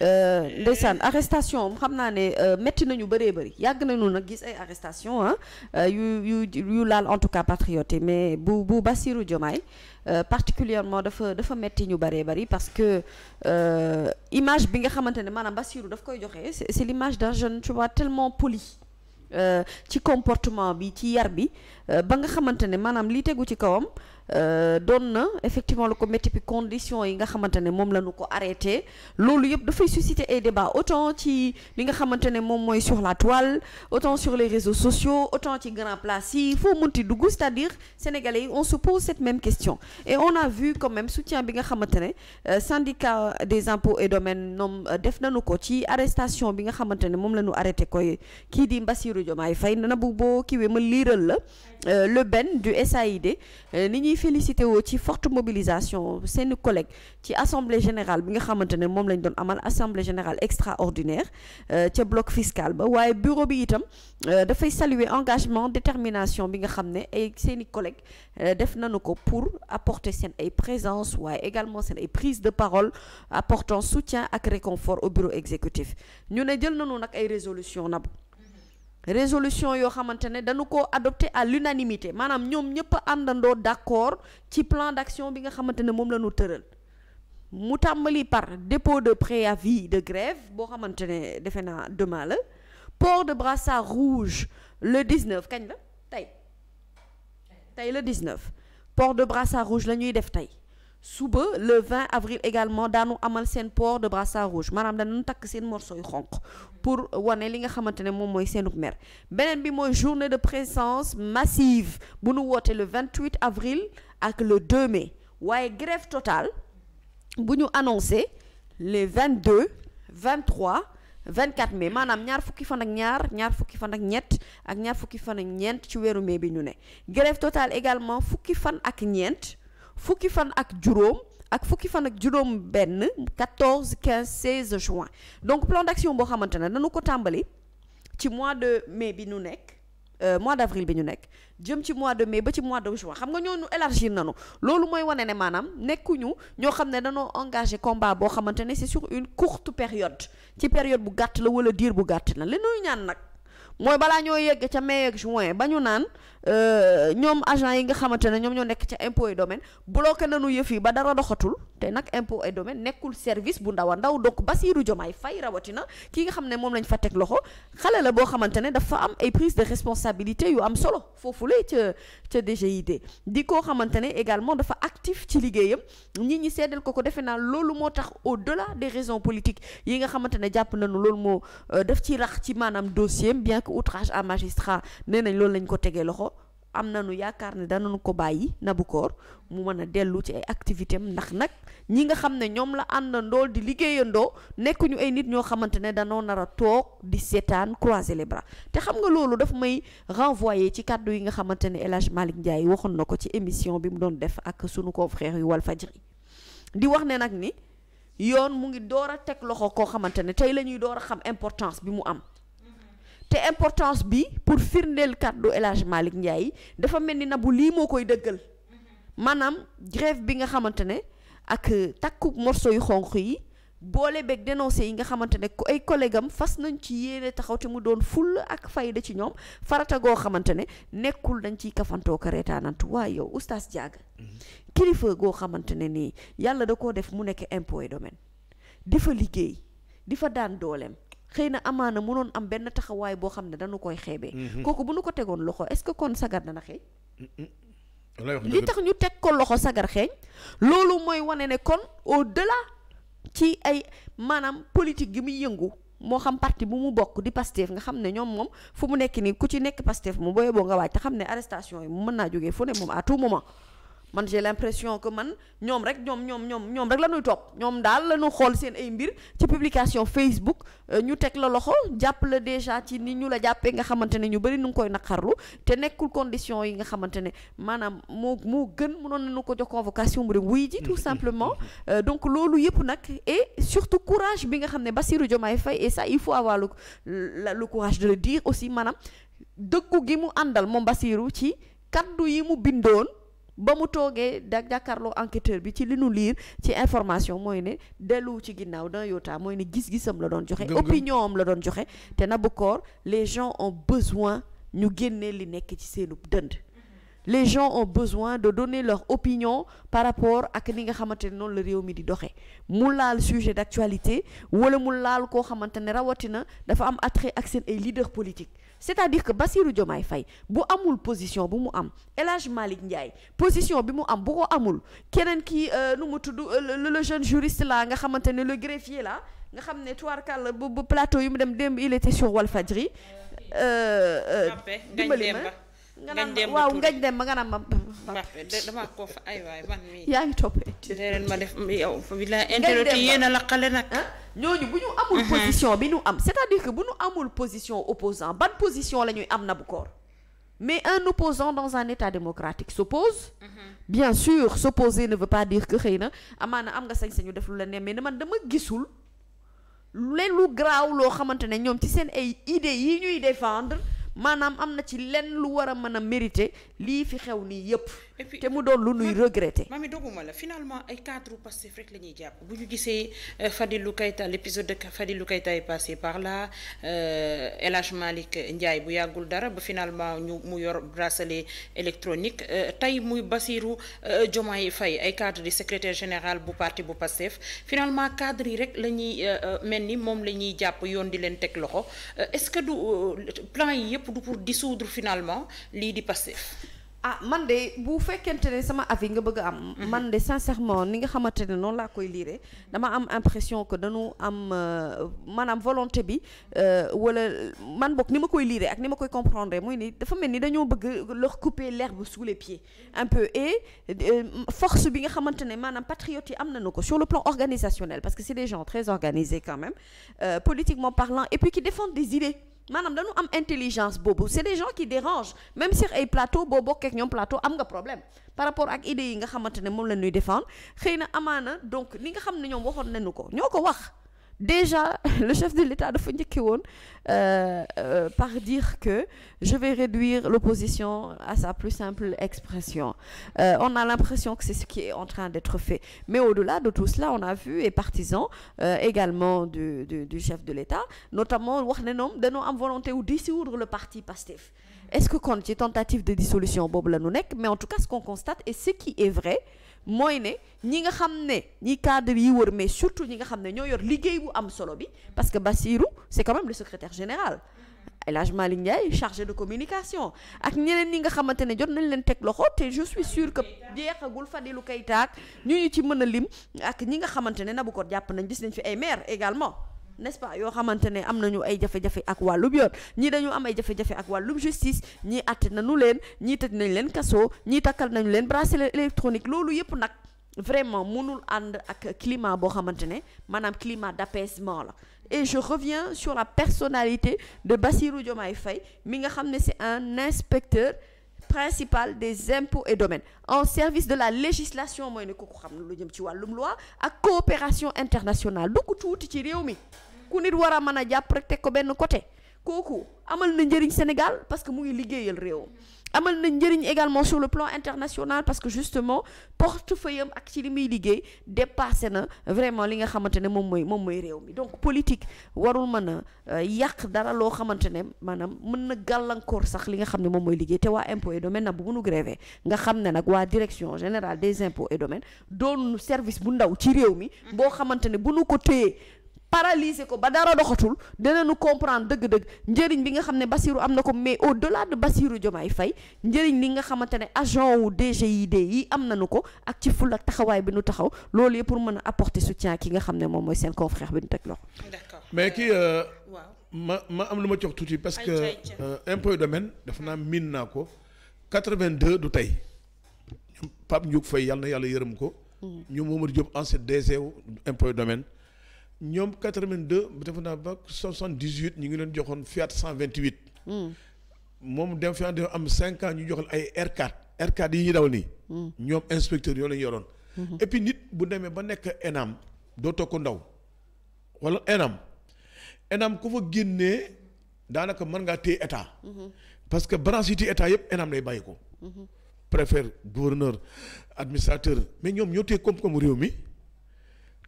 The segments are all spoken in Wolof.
Euh, ndeysaan arrestation am xam naa ne euh, métti nañu bëree bëri yàgg nañu nag gis ay arrestation ah yu yu yu laal en tout cas patriote yi mais bu bu Bassirou Diomaye particulièrement dafa dafa métti ñu bëree bari parce que image bi nga xamante ne maanaam bassiru daf koy joxe c'est l'image d'un jeune tu vois tellement poli ci comportement bi ci yar bi ba nga xamante ne maanaam li tegu ci kawam Euh, doon na effectivement lu ko métti bi condition yi nga xamante ne moom la ñu ko arrêté loolu yëpp dafay susciter ay débats autant ci li nga xamante ne moom mooy sur la toile autant sur les réseaux sociaux autant ci grand place yi foo munti dugg c'est-à-dire sénégalais yi on se pose cette même question et on a vu quand même soutien bi nga xamante ne euh, syndicat des impôts et domaines ñoom euh, def nañu ko ci arrestation bi nga xamante ne moom la ñu arrêté koy kii di Mbassirou Diomaye Faye na bu boo kiiwee ma liiral la félicité woo ci forte mobilisation seeni collègues ci assemblée générale bi nga xamante ne moom lañ doon amal assemblée générale extraordinaire euh, ca bloc fiscal ba waaye bureau bi itam euh, dafay saluer engagement détermination bi nga xam ne ay seeni collègues euh, def nañu ko pour apporter seen ay présence waaye également seen ay prise de parole apportant soutien ak réconfort au bureau exécutif ñu ne jël nañu nag ay résolution nab résolution yoo xamante ne dañu ko adopté à l'unanimité maanaam ñoom ñëpp àndandoo d'accord ci plan d'action bi nga xamante ne moom la ñu tëral mu tàmbali par dépôt de préavis de grève boo xamante ne defe naa demain la port de brassard rouge le 19 kañ la tey tey le 19 port de brassard rouge la ñuy def tey suba le 20 avril également daanu amal seen port de brassard rouge maanaam dañu takk seen morceau yu xonq pour wane li nga xamante ne moom mooy seenub mer beneen bi mooy journée de présence massive bu nu wootee le 28 avril ak le 2 mai waaye grève total bu ñu annoncé les 22 23 24 mai maanaam ñaar fukki fan ak ñaar ñaar fukki fan ak ñett ak ñaar fukki fan ak ñeent ci weeru mai bi ñu ne grève total également fukki fan ak ñeent fukki fan ak juróom ak fukki fan ak juróom benn 14 quinze 16 juin donc plan d'action boo xamante ne dañu ko tàmbali ci mois de mai bi ñu nekk euh, mois d'avril bi ñu nekk jëm ci mois de mai ba ci mois de juin xam nga ñoo ñu élargir nañu loolu mooy wane ne maanaam nekkuñu ñoo xam ne dañoo engagé combat boo xamante ne c'est sur une courte période ci période bu gàtt la wala diir bu gàtt na li ñuy ñaan nag. mooy balaa ñoo yegg ca mai ak join ba ñu naan euh, ñoom agent yi nga xamante ne ñoom ñoo nekk ca impôt et domaine bloqué nañu yëf yi ba dara doxatul te nag impôt et domaine nekkul service bu ndaw a ndaw donc Bassirou Diomaye fay rawatina ki nga xam ne moom lañ fa teg loxo xale la boo xamante ne dafa am ay prise de responsabilité yu am solo foofule ca ca DGID di koo xamante ne également dafa actif ci liggéeyam nit ñi seddal ko ko defe naa loolu moo tax au-delà des raisons politiques yi nga xamante ne jàpp nañu loolu moo euh, def ci rax ci maanaam dossier bien nekk outrage à magistrat nee nañ loolu lañ ko tegee loxo am na nañu yaakaar ne danañu ko bàyyi Nabou Cor mu mën a dellu ci ay activité am ndax nag ñi nga xam ne ñoom la àndandoo di liggéeyandoo nekkuñu ay nit ñoo xamante ne danoo nar a toog di seetaan croiser les bras te xam nga loolu daf may renvoyer ci kaddu yi nga xamante ne El Hadj Malick Ndiaye waxoon na ko ci émission bi mu doon def ak sunu confrère yu Walfadjri di wax ne nag ni yoon mu ngi door a teg loxo koo xamante ne tey bi mu am te importance bi pour firndeel kàddu El Hadj Malick Ndiaye dafa mel ni Nabou lii moo koy dëggal maanaam grève bi nga xamante ne ak takku morso yu xonq yi boole beeg dénoncé yi nga xamante ne ay collègue am fas nañ ci yéene taxaw te mu doon full ak fayda ci ñoom farata goo xamante ne nekkul dañ ciy kafantoo ko waaye yow oustaz Diaga mhm. kilifa goo xamante ne nii yàlla da koo def mu nekk impôt et domaine di fa liggéey di fa daan dooleem xëy na amaana noon am benn taxawaay boo xam ne dañu koy xeebee. Mhm. kooku bu nu ko tegoon loxo est-ce que kon sagar dana xeeñ. li tax ñu teg ko loxo sagar xeeñ. loolu mooy wane ne kon au-delà ci ay maanaam politique gi muy yëngu. moo xam parti bu mu bokk di Pastef nga xam ne ñoom moom fu mu nekk nii ku ci nekk Pastef mu booyee boo nga waaj te xam ne arestation yi mu mën naa jógee fu ne moom à tout moment man j'ai l'impression que man ñoom rek ñoom ñoom ñoom ñoom rek la ñuy topp ñoom daal la ñu xool seen ay mbir ci publication Facebook euh, ñu teg la loxo jàpp la déjà ci ni ñu la jàppee nga xamante ne ñu bëri nu ngi koy naqarlu te nekkul condition yi nga xamante ne maanaam moo moo gën mënoon nañu ko jox convocation mu dem wuy ji tout simplement euh, donc loolu yëpp nag e surtout courage bi nga xam ne Bassirou Diomaye Faye et sax il faut avoir le le courage de le dire aussi maanaam dëggu gi mu àndal moom Bassirou ci kaddu yi mu bindoon ba mu toogee da jàkkaarloo enquêteur bi ci li nu liir ci information mooy ne dellu ci ginnaaw d'un iota mooy ne gis-gisam la doon joxe opinion am la doon joxe te koor les gens ont besoin ñu génnee li nekk ci seenub dënd les gens ont besoin de donner leur opinion par rapport ak ni nga xamante ne noonu la réew mi di doxee mu laal sujet d'actualité wala mu laal koo xamante ne rawatina dafa am attrait ak seen ay leader politique c'est-à-dire que Bassirou Diomaye fay bu amul position bu mu am El Hadj Malick Ndiaye position bi mu am bu ko amul keneen ki euh, nu mu tudd euh, le jeune juriste là nga xamante ne le greffier la nga xam ne tubaarkàlla bu bu plateau yu mu dem démb il était sur Walfadjri euh, dimbali ma nga naan waaw ngañ dem ba nga naan ma. Mbappé dama ko fa ay waay man mii. yaa ngi topp internet ma def yow. bilaay internet yi yéen a laqale nag. ñooñu bu ñu amul position bi ñu am c'est-à-dire que bu ñu amul position opposant ban position la ñuy am na bu koor mais un opposant dans un état démocratique s'oppose bien sûr s'opposer ne veut pas dire que xëy na amaana am nga sañ-sañu def lu la ne mais man dama gisul. leen lu garaaw loo xamante ne ñoom ci seen ay idées yi ñuy défendre. maanaam am na ci lenn lu war a mën a mérité lii fi xew nii yépp et te mu doon lu nuy regretter. mami doguma la finalement ay cadre Pastef rek la ñuy jàpp bu ñu gisee euh, fadilu Keita l' épisode de Fadilou Keita est passé par la euh, El Hadj Malick bu yàggul dara ba finalement ñu mu yor bracelet électronique euh, tey muy jomaa yi Faye ay cadre di secretaire général bu parti bu Pastef finalement cadre yi rek la ñuy mel ni moom la ñuy jàpp yoon di leen teg loxo est-ce que du plan yi yëpp du pour dissoudre finalement lii di Pastef ah man de bu fekkente ne sama avis nga bëgg am. Mhm. man de sincèrement ni nga xamante ne noonu laa koy liire dama am impression que dañu am euh, maanaam volonté bi euh, wala man bokk ni ma koy liire ak ni ma koy comprendre mooy nii dafa mel ni dañoo bëgg leur couper l'herbe sous les pieds un peu et euh, force bi nga xamante ne maanaam patriotes yi am nañu ko sur le plan organisationnel parce que c'est des gens très organisés quand même politiquement parlant et puis qui défendent maanaam dañu am intelligence boobu c'est des gens qui dérangent même sur ay plateau boo bokkee ak ñoom plateau am nga problème par rapport ak idées yi nga xamante ne moom la ñuy défendre xëy na amaana donc li nga xam ne ñoom waxoon nañu ko ñoo ko wax déjà le chef de l'État dafa njëkke woon euh, euh, par dire que je vais réduire l'opposition à sa plus simple expression euh, on a l'impression que c'est ce qui est en train d'être fait mais au-delà de tout cela on a vu et partisans euh, également du, du, du chef de l'État notamment wax ne ñoom dañoo am volonté ou dissoudre le parti PASTEF est-ce que kon ci tentative de dissolution boobu la ñu nekk mais en tout cas ce qu'on constate ce qui est vrai mooy ne ñi nga xam ne ñi cadre yi wër mais surtout ñi nga xam ne ñoo yor liggéey bu am solo bi parce que Bassirou c'est quand même le secrétaire général El Hadj Malick Ndiaye chargé de communication ak ñeneen ñi nga xamante ne jot nañ leen teg loxo te je suis sûr que jeexagul Fadilou Keita ak ñu ñu ci mën a lim ak ñi nga xamante ne Nabu ko jàpp nañ gis nañ fi ay maire également n'est-ce pas yoo xamante ne am nañu ay jafe ak wàllum yoon ñii dañu am ay jafe-jafe ak wàllum justice ñii àtte nañu leen ñii tëj nañ leen kaso ñii takkal nañu leen bracelet électronique loolu yëpp nag vraiment mënul ànd ak climat boo xamante ne maanaam climat d'apaisement la et je reviens sur la personnalité de Bassirou Diomaye Faye mi nga xam ne c'est un inspecteur principal des impôts et domaines en service de la législation mooy ne ku ko xam na lu jëm ci wàllum loi ak coopération internationale du tuuti ci réew mi ku nit war a mën a jàpp rek ko benn côté kooku amal na njëriñ Sénégal parce que mu ngi liggéeyal réew amal na njëriñ également sur le plan international parce que justement portefeuille am ak ci li muy liggéey dépassé na vraiment li nga xamante ne moom mooy moom mooy réew mi donc politique warul mën a euh, yàq dara loo xamante ne maanaam mën na gàllankoor sax li nga xam ne moom mooy liggéey te waa impo et domaines nag bu mënu grévé nga xam ne nag waa direction général des impôts et doon service bu ndaw ci réew mi boo paralyser ko ba dara doxatul dinañu comprendre dëgg-dëgg njëriñ bi nga xam ne Bassirou am na ko mais au delà de Bassirou Diomaye Faye njëriñ li nga xamante ne agent wu DGID yi am nañu ko ak ci ful ak taxawaay bi nu taxaw loolu yëpp pour mën a apporter soutien ki nga xam ne moom mooy seen confrère bi nu teg loxo. d'accord mais kii. Euh, waaw ma ma am lu ma jox tuuti parce que. Euh, impôt domaine dafa naa miin naa ko. 82 du tey. Pape Ndiouk Faye yàlla na yàlla yërëm ko. ñoom mm. Momar Diop ancien DG impôt domaine. ñoom de defe naa ba 78 ñu ngi leen joxoon Fiat 128. Hmm. moom dem Fiat dafa am 5 ans ñu joxal ay R4 R4 yi ñu daw nii. Hmm. ñoom inspecteur yoo lañu yoroon. Hmm. et nit bu demee ba nekk ENAM doo toog ko ndaw wala ENAM ENAM ko fa génnee daanaka mën ngaa téye état. parce que branche yi ci état yëpp ENAM lay bàyyi ko. préfet gouverneur administrateur mais ñoom ñoo téye koom-koomu réew mi.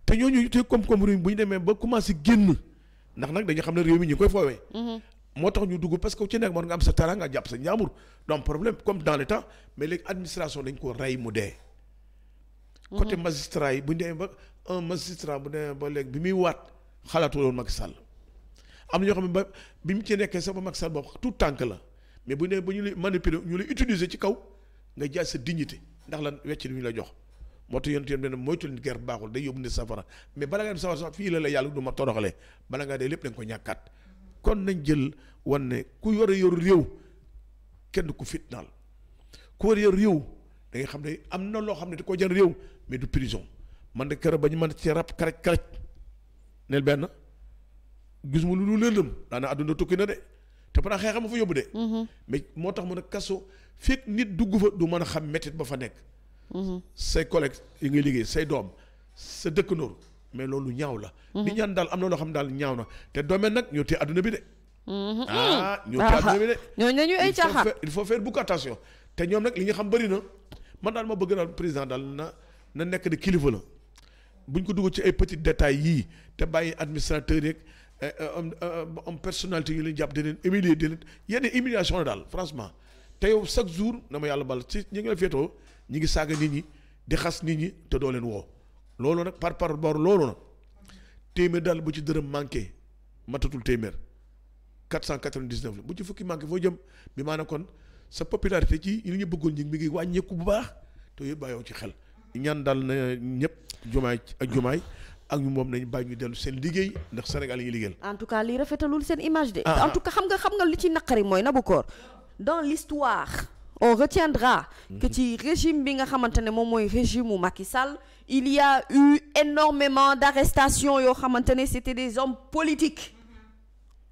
te ñooñu te koom-koom réew bu ñu demee ba commencé génn ndax nag dañu xam ne réew mi ñu koy foowee. Mm-hmm. moo tax ñu dugg parce que ci nekk mën nga am sa teraanga jàpp sa njaamur donc problème comme dans le temps mais léegi administration dañ ko rey mu dee. Mm-hmm. côté magistrat yi bu ñu demee un magistrat bu demee ba léegi bi muy waat xalaatu woon Macky sàll am na ñoo xam ne ba bi mu ci nekkee sa ba mag Sall boobu tout tànk la mais bu ñu demee ba ñu lay ñu lay utiliser ci kaw nga jaay sa dignité ndax lan wecc bi la jox. moo tax yonent yonent moytul nit ger baaxul day yóbbu nit safara mais bala nga dem safara sax fii la la yàlla du ma toroxale bala ngaa dee lépp da ko ñàkkaat kon nañ jël wan ne ku yore yor réew kenn ku fitnaal ku war yor réew da xam ne am na loo xam ne da koo jar réew mais du prison man de kër ba ñu mën ci rab karaj karaj neel benn gis mu lu lu lëndëm daanaka àdduna tukki na de te par xeexam ma fa yóbbu de. Mm-hmm. mais moo tax mu ne kaso fekk nit dugg fa du mën a xam métit ba fa nekk. say collègues yi ngay liggéey say doom sa dëkk ndoor mais loolu ñaaw la. ni ñaan daal am na loo xam daal ñaaw na te doomeel nag ñoo te adduna bi de. Mhm. Ah, ah ñoo téye adduna bi de. ñooñu dañuy ay caaxaan il faut faire beaucoup te ñoom nag li ñu xam bëri na man daal ma bëgg daal président daal na na nekk de kilifa la buñ ko dugg ci ay petits détails yii te bàyyi administrateur yeeg. am eh, eh, am eh, personnalité yu leen jàpp di leen humilier di leen yenn umiliation daal franchement te yow chaque jour dama yàlla bal ci ñi ngi la ñi ngi saaga nit ñi di xas nit ñi te doo leen woo loolu nag par par bor loolu nag téeméer daal bu ci dërëm manqué matatul téeméer 499 la bu ci fukki manqué foo jëm bi maanaam kon sa popularité ci li ñu bëggoon ñi mi ngi wàññeeku bu baax te yooyu bàyyoo ci xel ñaan dal na ñëpp jumaay ak jumaay ak ñu moom nañ bàyyi ñu dellu seen liggéey ndax Sénégal yi ñu liggéeyal. en tout cas lii rafetalul seen image de. Ah, en ah. xam nga xam nga li ci naqari mooy Nabou Cor dans l'histoire on retiendra mhm. que ci régime bi nga xamante ne moom mooy régime mu Macky Sall il y a eu énormément d'arrestations yoo xamante ne c'était des hommes politiques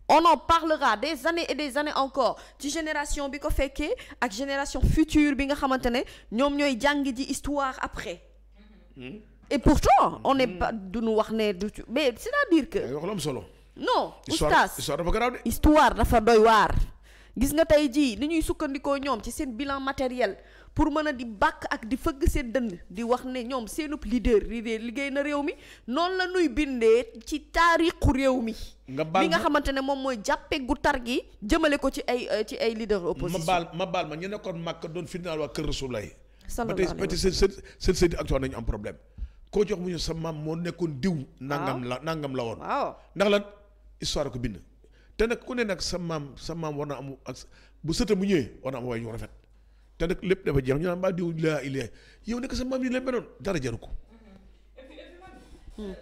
mhm. on en parlera des années et des années encore ci génération bi ko fekkee ak génération future bi nga xamante ne ñoom ñooy jàng ji histoire après mhm. et pourtant on n'est pas duñu wax ne du mais c'est-à-dire que. solo. non histoire dafa garaaw de. histoire dafa doy waar. gis nga tey jii li ñuy sukkandikoo ñoom ci seen bilan matériel pour mën a di bàkk ak di fëgg seen dënd di wax ne ñoom seenub leader leader liggéey na réew mi noonu la ñuy bindee ci taarixu réew mi. nga baal li nga xamante ne moom mooy jàppe gu tar gi jëmale ko ci ay ci ay leader opposition. ma baal ma baal ma ñu nekkoon màkk doon final waa Kër Rasulaay. sallallahu alayhi wa sallam ba tey seen actuellement nañu am problème. koo jox mu ñu sa maam moo nekkoon diw. nangam la nangam la woon. waaw ndax lan histoire ko bind. te nag ku ne nag sa maam sa maam war na am ak bu sëta bu ñëwee war na am waaye ñu rafet te nag lépp dafa jeex ñu naan mbaa diw laa ilaa yow nekk sa maam yi leen meloon dara jaru ko euh,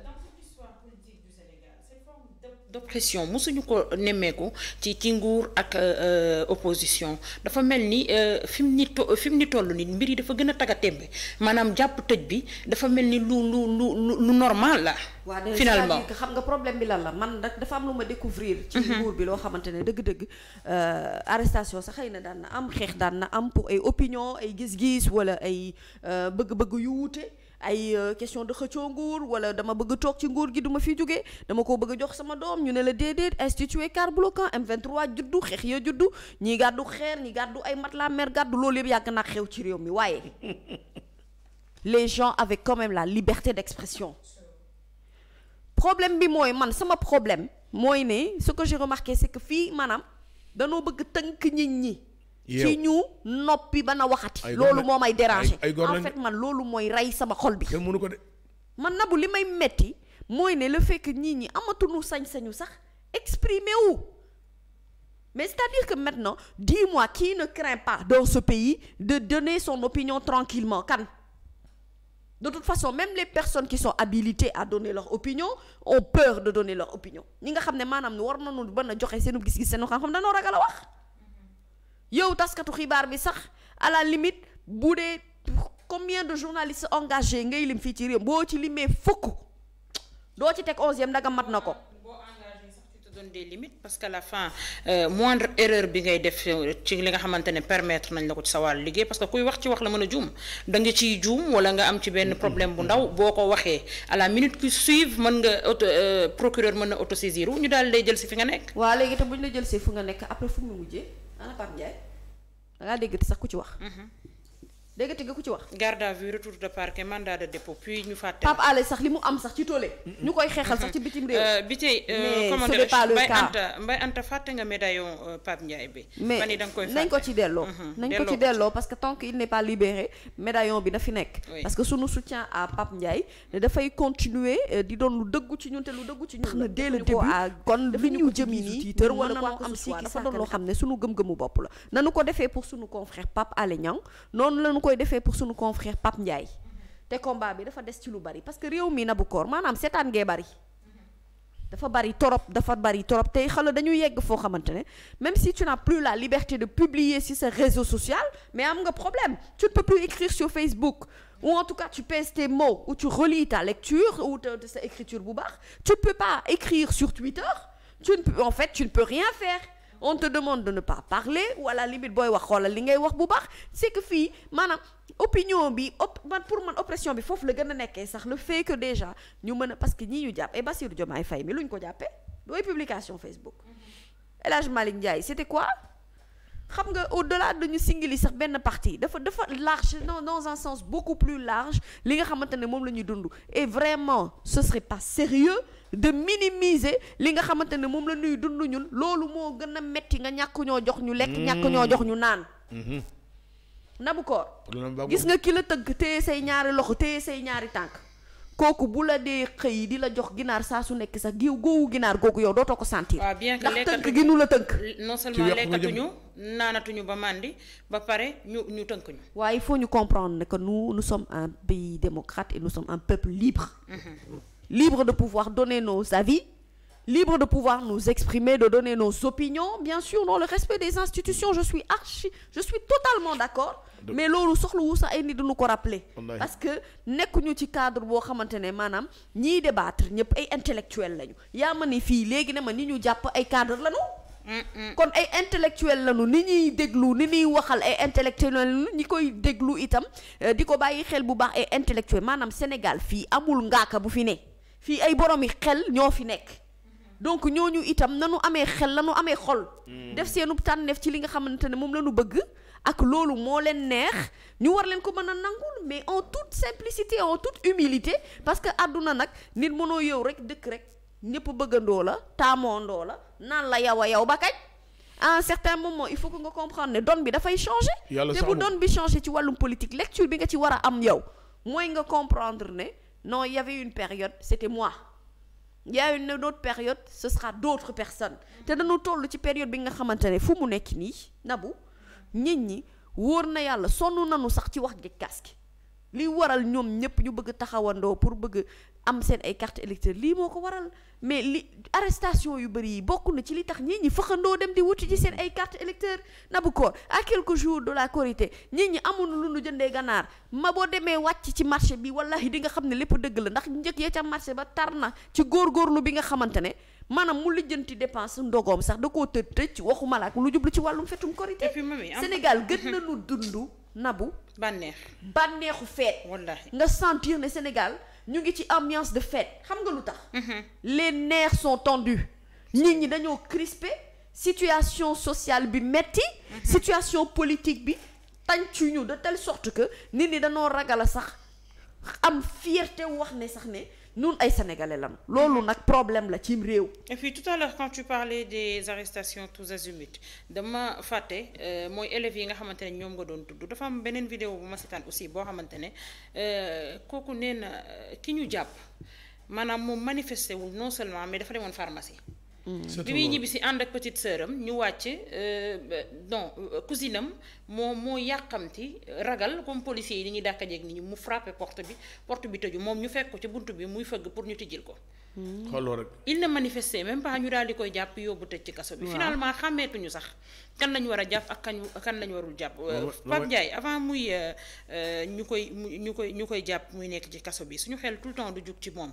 d'oppression mosuñu ko nemmeeku ci ci nguur ak euh, euh, opposition dafa mel ni euh, fi mu ni to fi ni nit mbir yi dafa gën a tagatémbe maanaam jàpp tëj bi dafa mel ni lu lu lu lu normal la. finalement waaw xam nga problème bi lan la man nag dafa am lu ma découvrir ci mhm. nguur bi loo xamante ne dëgg-dëgg arrestation sax xëy na daan na am xeex daan na am pour ay opinion gis-gis wala ay bëgg-bëgg yu wuute. ay euh, question de xëccoo nguur wala dama bëgg toog ci nguur gi duma fi jóge dama koo bëgg jox sama doom ñu ne la déedéet institué car bloquant M23 juddu xeex ya juddu ñi gàddu xeer ñi gàddu ay mat la mer gàddu loolu yàgg naa xew ci réew mi waaye les gens avec quand même la liberté d'expression problème bi mooy man sama problème mooy ne ce que j'ai remarqué c'est fii maanaam danoo bëgg tënk nit ñi ci ñu noppi ba na waxati. loolu moo may déranger. en fait man loolu mooy rey sama xol bi. kenn ko de. man nabu li may metti mooy ne le fekk que ñii ñi amatuñu sañ-sañu sax exprimer wu. mais c'est-à-dire que maintenant dis-moi kii na craint pas dans ce pays de donner son opinion tranquillement kan. de toute façon même les personnes qui sont habilitées à donner leur opinion ont peur de donner leur opinion ñi nga xam ne maanaam war nañu mën a joxe seenu gis-gis seenu xam-xam dañoo ragal a wax. yow taskatu xibaar bi sax à la limite bu dee combien de journalistes engagés ngay lim fii ci réew boo ci limee fukk doo ci teg onzième ndaga mat na ko. donne des limites parce que la fin euh, moindre erreur bi ngay def euh, ci li nga xamante ne permettre nañ la ko ci sa liggéey parce que kuy wax ci wax la mën a juum da nga ciy juum wala nga am ci benn problème bu ndaw boo ko waxee à la minute qui suive mën nga auto euh, procureur mën na autosaisir ñu daal lay jël si fi nga nekk. waa léegi la jël si nga nekk après fu mu mujjee. ana Pape Ndiaye da ngaa dégg sax ku ci wax. Mm-hmm. dégg nga ku ci wax. garde à vue retour de parquet mandat de sax li mu am sax ci tollé. ñu koy xeexal sax ci bitim réew. Euh, bi nañ ko ci delloo. nañ ko ci delloo parce que tant qu'il il n'est pas libéré médaillon bi na fi nekk. parce que sunu soutien à Pape Ndiaye dafay continuer euh, di doon lu dëggu ci ñun te lu dëggu ci ñun. la dès le début kon li ñu jëmi nii tër wala ko am si dafa doon loo xam ne sunu gëm-gëmu bopp la nanu ko defee pour sunu confrère Pape Alé Niang noonu lañu koy defee pour suñu confrère Pape Ndiaye te combat bi dafa des ci lu bari parce que réew mi Nabou Cor maanaam seetaan ngee bari dafa bari torop dafa bari torop te xala dañu yegg foo xamante ne même si tu n'as plus la liberté de publier sur sa réseau social mais am nga problème tu ne peux plus écrire sur Facebook ou en tout cas tu pèses tes mots ou tu relis ta lecture ou de sa écriture bu baax tu ne peux pas écrire sur Twitter tu ne peux en fait tu on te demande de ne pas parler ou à booy wax xoolal li ngay wax bu baax c'est que fii maanaam opinion bi op man pour man oppression bi foofu la gën a nekkee sax le fait que déjà ñu mën a parce que ñii ñu jàpp et Bassirou Diomaye fay mi lu ñu ko jàppee dooy publication Facebook mm-hmm. El Hadj Malick Ndiaye c'était quoi xam nga au delà de ñu singili sax benn partie dafa dafa large non dans un sens beaucoup plus large li nga xamante ne moom la ñuy dund et vraiment ce serait pas sérieux de minimiser li nga xamante ne moom la ñuy dund ñun loolu moo gën a metti nga ñàkk ñoo jox ñu lekk ñàkk ñoo mm. jox ñu naan mm-hmm. nabu koor gis nga ki la tëgg téye say ñaari loxo téye say ñaari tànk kooku bu la dee xëy di la jox ginaar saa su nekk sax giw góowu ginaar googu yow dootoo ko sentir. waaw bien que ndax tënk gi nu la tënk. non seulement lekkatuñu naanatuñu ba màndi ba pare ñu ñu tënk ñu. waaye il faut ñu comprendre ne que nous nous sommes un pays démocrate et nous sommes un peuple libre. Mm-hmm. libre de pouvoir donner nos avis. libre de pouvoir nous exprimer de donner nos opinions bien sûr dans le respect des institutions je suis archi je suis totalement d'accord mais loolu soxlawu sax ay nit duñu ko rappeler parce que nekkuñu ci cadre boo xamante ne maanaam ñiy débattre ñëpp ay intellectuel lañu yaa ma ni fii léegi ne ma ni ñu jàpp ay cadre lañu kon ay intellectuel lañu ni ñuy déglu ni ñuy waxal ay intellectuel lañu ñi koy déglu itam euh, di ko bàyyi xel bu baax ay intellectuel maanaam Sénégal fii amul ngaaka bu fi ne fii ay boromi xel ñoo fi nekk donc ñooñu itam na nanu amee xel lanu amee xol mm. def seenu tànneef ci li nga xamante ne moom lañu bëgg ak loolu moo leen neex ñu war leen ko mën a nangul mais en toute simplicité en toute humilité parce que àdduna nag nit mënoo yow rek dëkk rek ñëpp bëggandoo la taamoondoo la naan la yow a yow ba kañ à un certain moment il faut que nga comprendre ne don bi dafay changer te bu done bi changer ci wàllum politique lecture bi nga ci war a am yow mooy nga comprendre ne non il une période c'était moi il y a une autre période ce sera d'autres personnes te dañu toll ci période bi nga xamante ne fu mu nekk nii Nabou nit ñi wóor na yàlla sonn nañu sax ci wax gi kaas gi liy waral ñoom ñëpp ñu bëgg taxawandoo pour bëgg am seen ay carte électeur lii moo ko waral mais li arrestation yu bari yi bokk na ci li tax ñi ñi faxandoo dem di wuti ci seen ay carte électeur nabu koor à quelques jour de la Korité nit ñi amul lu nu jëndee ganaar ma boo demee wàcc ci marché bi wallahi di nga xam ne lépp dëgg la ndax njëkk ya ca marché ba tar na ci góorgóorlu bi nga xamante ne maanaam mu lijjanti dépense ndogoom sax da koo tëj tëj waxuma la ak lu jublu ci wàllum fetum korite Sénégal gën nañu dund nabu bànneex bànneexu feet wallaahi nga sentir ne Sénégal ñu ngi ci ambiance de fête xam nga lu tax mhm. les nerfs sont tendus nit ñi dañoo crispé situation sociale bi metti mhm. situation politique bi tañ ci tàncuñu de telle sorte que nit ñi dañoo ragal a sax am fierté wax ne sax ne ñun ay sénégalais lañu loolu nag problème la cim réew. et puis tout à l'heure quand des arrestations tous azimuts dama fàtte euh, mooy élèves yi nga xamante ne ñoom nga doon tudd dafa am beneen vidéo bu ma seetaan aussi boo xamante ne euh, kooku nee na ki ñu jàpp maanaam moom manifesté wul non seulement mais dafa demoon pharmacie. Mm. bi muy ñibbi si ànd ak petite sœur am ñu wàcc euh, non euh, cousine am moo moo yàqamti ragal comme policier yi ni ñuy dàkkajeeg ni ñu mu frappé porte bi porte bi tëju moom ñu fekk ko ci bunt bi muy fëgg pour ñu tijjil ko mm. xooloo rek il ne manifesté même pas ñu daal di koy jàpp yóbbu tëj ci kaso bi finalement xàmmeetuñu sax kan lañu war a jàpp ak kañ kan lañu warul jàpp euh, Pape Ndiaye avant muy ñu koy ñu koy ñu koy jàpp muy nekk ci kaso bi suñu xel tout le temps du jug ci moom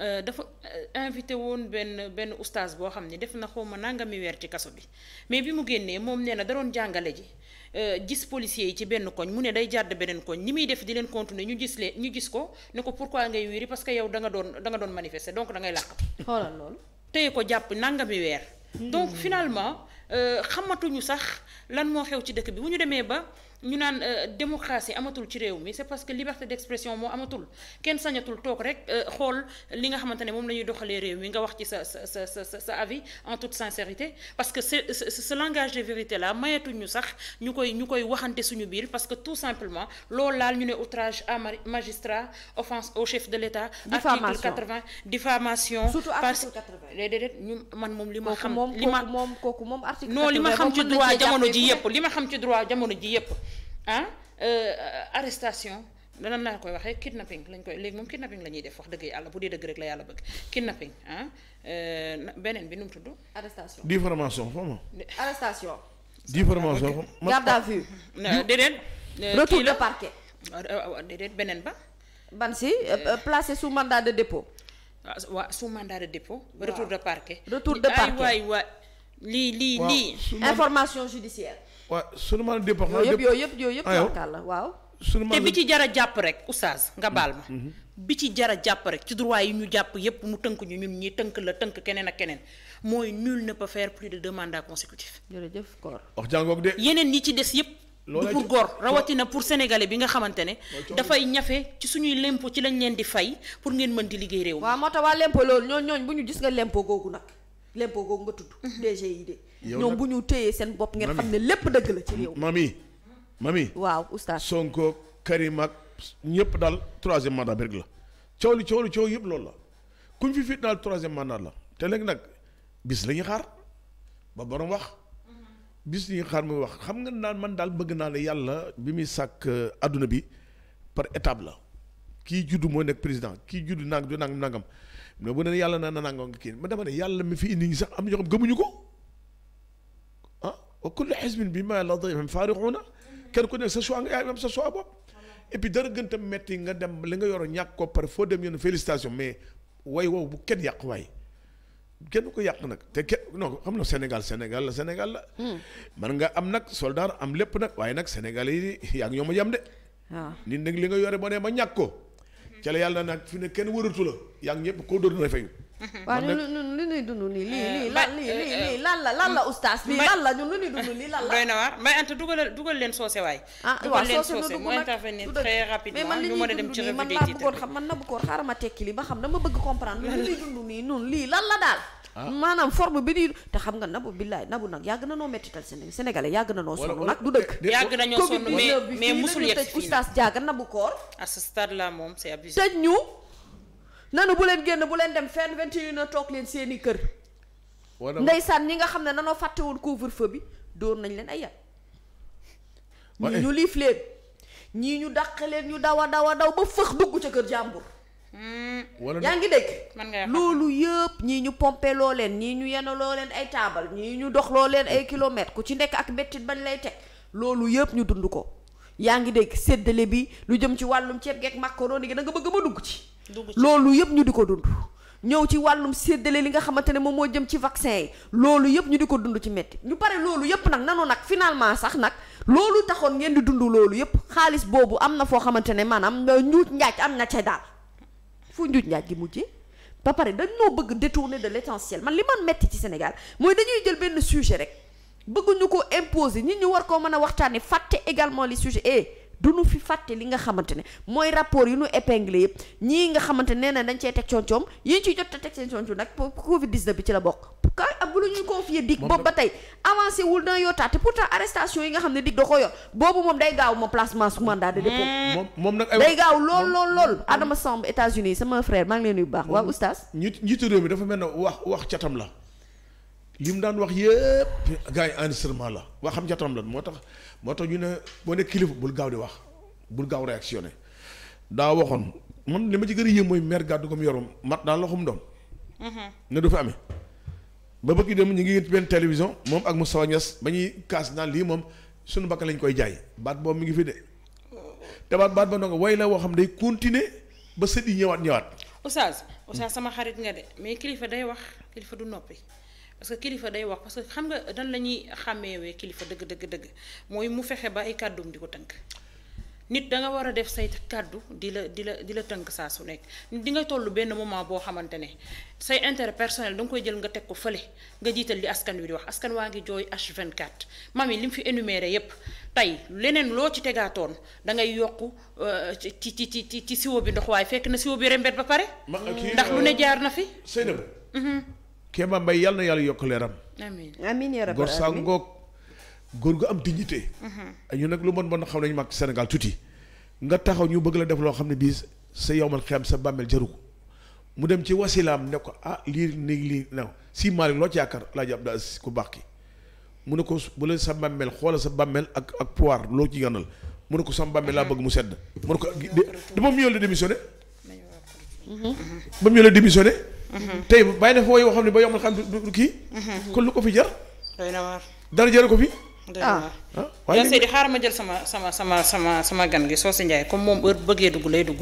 Euh, dafa euh, invité woon benn benn oustaz boo xam ne def na xaw ma nangami weer ci kaso bi mais bi mu génnee moom nee na da jàngale ji euh, gis policiers yi ci benn koñ mu ne day jàdd beneen koñ ni muy def di leen continuer ñu gis leen ñu gis ko ne ko pourquoi ngay wiiri parce que yow da nga doon danga nga doon manifester donc da ngay làqatu. xoolal loolu. téye ko jàpp nangami weer. donc hmm. finalement xamatuñu sax lan moo xew ci dëkk bi bu ñu demee ba. ñu naan euh, démocratie amatul ci réew mi c'est parce que liberté d'expression moo amatul kenn sañatul toog rek euh, xool li nga xamante ne moom la ñuy doxalee réew mi nga wax ci sa sa sa sa sa avis en toute parce que ce ce langage de vérité sax ñu koy ñu koy waxante suñu biir parce que tout simplement loolu laal ñu ne outrage à magistrat offense au chef de l'État. article 80 diffamation surtout man moom li ma xam moom kooku moom article non li ci droit jamono ji yëpp li ma xam ci droit jamono ji yëpp ah euh, arrestation nan laa koy waxee kidnapping lañ koy léegi moom kidnapping la ñuy def wax dëgg yàlla bu dee dëgg rek la yàlla bëgg kidnapping ah, euh, beneen bi nu mu tudd. arrestation diffamation foofu. arrestation. diffamation. Ah, garde à de déedéet. Euh, retour de parquet. déedéet beneen ba. ban si placé sous mandat de dépôt. Ah, waaw sous mandat de dépôt. retour de parquet. retour de parquet ay waay waay lii lii lii. information judiciaire. waaw sunu maanaam dépp xanaa yëpp yooyu yëpp yooyu yëpp tubaarkàlla ah, waaw sunu te bi ci jara jàpp rek oustaz nga baal ma mm-hmm. bi ci jar a jàpp rek ci droit yi ñu jàpp yépp mu tënk ñu ñun ñi tënk la tënk keneen ak keneen mooy nul ne peut faire plus de deux mandats consécutifs jërëjëf koor wax jàngoog yeneen yi ci des yépp du pour góor rawatina pour sénégalais bi nga xamante ne dafay ñafe ci suñuy lempo ci lañ leen di fay pour ngeen mën di liggéey réew waaw moo tax waa lempo loolu ñooñ ñooñ bu ñu gis nga lempo googu nag l'impôt googu nga tudd. Mhm. DGID. ñoom bu ñu téyee seen bopp ngeen xam ne lépp dëgg la ci réew. mami mami. waaw oustaz Sonko Karim ak ñëpp daal troisième mandat bi rek la coow li coow li coow yëpp loolu la kuñ fi daal troisième mandat la te léegi nag bis lañuy ñuy xaar ba borom wax. Mhm. bis la ñuy xaar muy wax xam nga naan man daal bëgg naa ne yàlla bi muy sàkk àdduna euh, bi par étape la kii juddu mooy nekk président kii juddu nag du nangam nangam. mais bu ne yàlla na nanangoo nga kii ma dama ne yàlla mi fi indi ngi sax am ñoo xam gëmuñu ko ah kullu xisbin bi ma ladayhim faariquuna kenn ku nekk sa choix nga yaay am sa choix bopp nga dem li nga yoro ñàkk ko par foo dem yoon félicitation mais way wow bu kenn yàq waay ko yàq nag te kenn non xam nga Sénégal Sénégal la hmm. man nga am nag soldaar am lépp nag waaye nag Sénégal yi yaa ngi ñoom a de. waaw ah. nit li nga yore ba ne ma ñàkk ko. ca yàlla nag fi ne kenn wëratu la yaa ngi ñëpp koo na fayu. waaw ñun lu ñuy dund nii lii lii eh, lan eh, lii lii lii eh. lan la lan la oustaz lii lan la ñun lu ñuy dund lii lan la doy na waar may anta dugalal dugal leen soose waay ah waaw soose na man li ñuy dund nii man naa bëggoon xam man na bëggoon xaaral ma tekki li ba xam bëgg comprendre lii lan la daal Ah. maanaam forme bi nii te xam nga nabu billaay nabu nag yàgg na noo mettital sénégalais yàgg na noo sonn nag du dëkk yàgg nañoo sonn mais mais musul yegg tëj oustaz jaaga nabu koor à ce stade là moom c'est abusé tëj ñu nanu bu leen génn bu leen dem fenn 21 heures toog leen seeni kër ndeysaan ñi nga xam ne nanoo fàtte woon couvre feu bi dóor nañ leen ay yat ñii ñu liif leen ñii ñu dàq leen ñu daw a daw a daw ba fëx dugg ca kër jàmbur Mm. wala yaa ngi dégg. loolu yëpp ñii ñu pompé loo leen ñii ñu yenn loo leen ay taabal ñii ñu dox loo leen ay kilomètres ku ci nekk ak bettit bañ lay teg loolu yëpp ñu dund ko yaa ngi dégg séddale bi lu jëm ci wàllum ceeb geek macaroni gi da nga bëgg ma dugg ci. loolu yëpp ñu di ko dund. ñëw ci wàllum séddale li nga xamante ne moom moo jëm ci vaccin yi loolu yëpp ñu di ko dund ci métti ñu bari loolu yëpp nag nanu nag finalement sax nag loolu taxoon ngeen di dund loolu yëpp xaalis boobu am na foo xamante ne maanaam njuut njaaj am na ca daal fu njuuj njaaj gi mujjee ba pare dañ noo bëgg détourner de l'essentiel man li man metti ci Sénégal mooy dañuy jël benn sujet rek bëgguñu ko imposer ñi ñi war koo mën a waxtaanee fàtte également les sujets eh, du nu fi fàtte li nga xamante ne mooy rapport yu ñu épinglé yëpp ñii nga xamante ne nee na dañ cee teg coom-coom yi ñu ciy jot a teg seen coom nag Covid 19 bi ci la bokk. ka ah, bu la ñuy confier dig boobu ba tey avancé wul na yotaa te pourtant arrestation yi nga xam ne dig da ko yor boobu moom day gaaw ma placement sous mandat de hmm. dépôt moom nag day gaaw lool lool lool Adama Samb États-Unis maa ngi leen baax waaw oustaz njiitu réew mi dafa mel ne wax wax la li daan wax yëpp gars yi enregistrement la wax xam catam la moo tax moo tax ñu ne kilifa bul gaaw di wax bul gaaw réactionné daa waxoon man li ma ci gën a yéem mooy maire gàddu ko mu yorom mat daal la xum du fi amee ba bëgg dem ñu ngi yët benn télévision moom ak Moustapha Niass ba ñuy kaas naan lii moom suñu bakkan lañ koy jaay baat boobu mi ngi fi de te baat baat ba ndongo way la woo xam day continuer ba sët yi ñëwaat ñëwaat. Oustaz Oustaz sama xarit nga de mais kilifa day wax kilifa du noppi. parce que kilifa day wax parce que xam nga dan la ñuy xàmmeewee kilifa dëgg dëgg dëgg mooy mu fexe ba ay kàddum di ko tënk. nit da nga war a def say kàddu di la di la di la tënk saa su nekk di nga toll benn moment boo xamante ne say intérêt personnel da koy jël nga teg ko fële nga jiital li askan wi di wax askan waa ngi jooy H24 mami li mu fi énuméré yépp tey leneen loo ci tegaatoon da ngay yokk euh, ci ci ci ci siwo bi ndox waaye fekk na siwo bi rembet ba pare. Mm. ndax lu ne jaar na fi. Seynabou. Mm-hmm. Kéema Mbaye yàlla na yàlla yokk leeram. amiin amiin yaa rabbal góor gu am dignité. Mm-hmm. ñu nag lu bon bon xam nañu mag Sénégal tuuti nga taxaw ñu bëgg la def loo xam ne bii sa yow man sa bàmmeel jaru ko mu dem ci wasilaam ne ko ah lii nii lii naw si Malick loo ci yaakaar laa jàpp ku baax ki mu ko bu la sa bàmmeel xoola sa bàmmeel ak ak poire loo ci ganal mu ne ko sa bàmmeel laa mm-hmm. bëgg mu sedd mu ne ko ba mm-hmm. mu yële démissionné ba mu yële démissionné tey bàyyi na fooy yoo xam ne ba yow man xam du kii kon lu ko fi jar dara jëre ko fi Ah. ah waaye xaaral ma jël sama sama sama sama sama gan gi soo si Ndiaye comme moom heure bëggee dugg lay dugg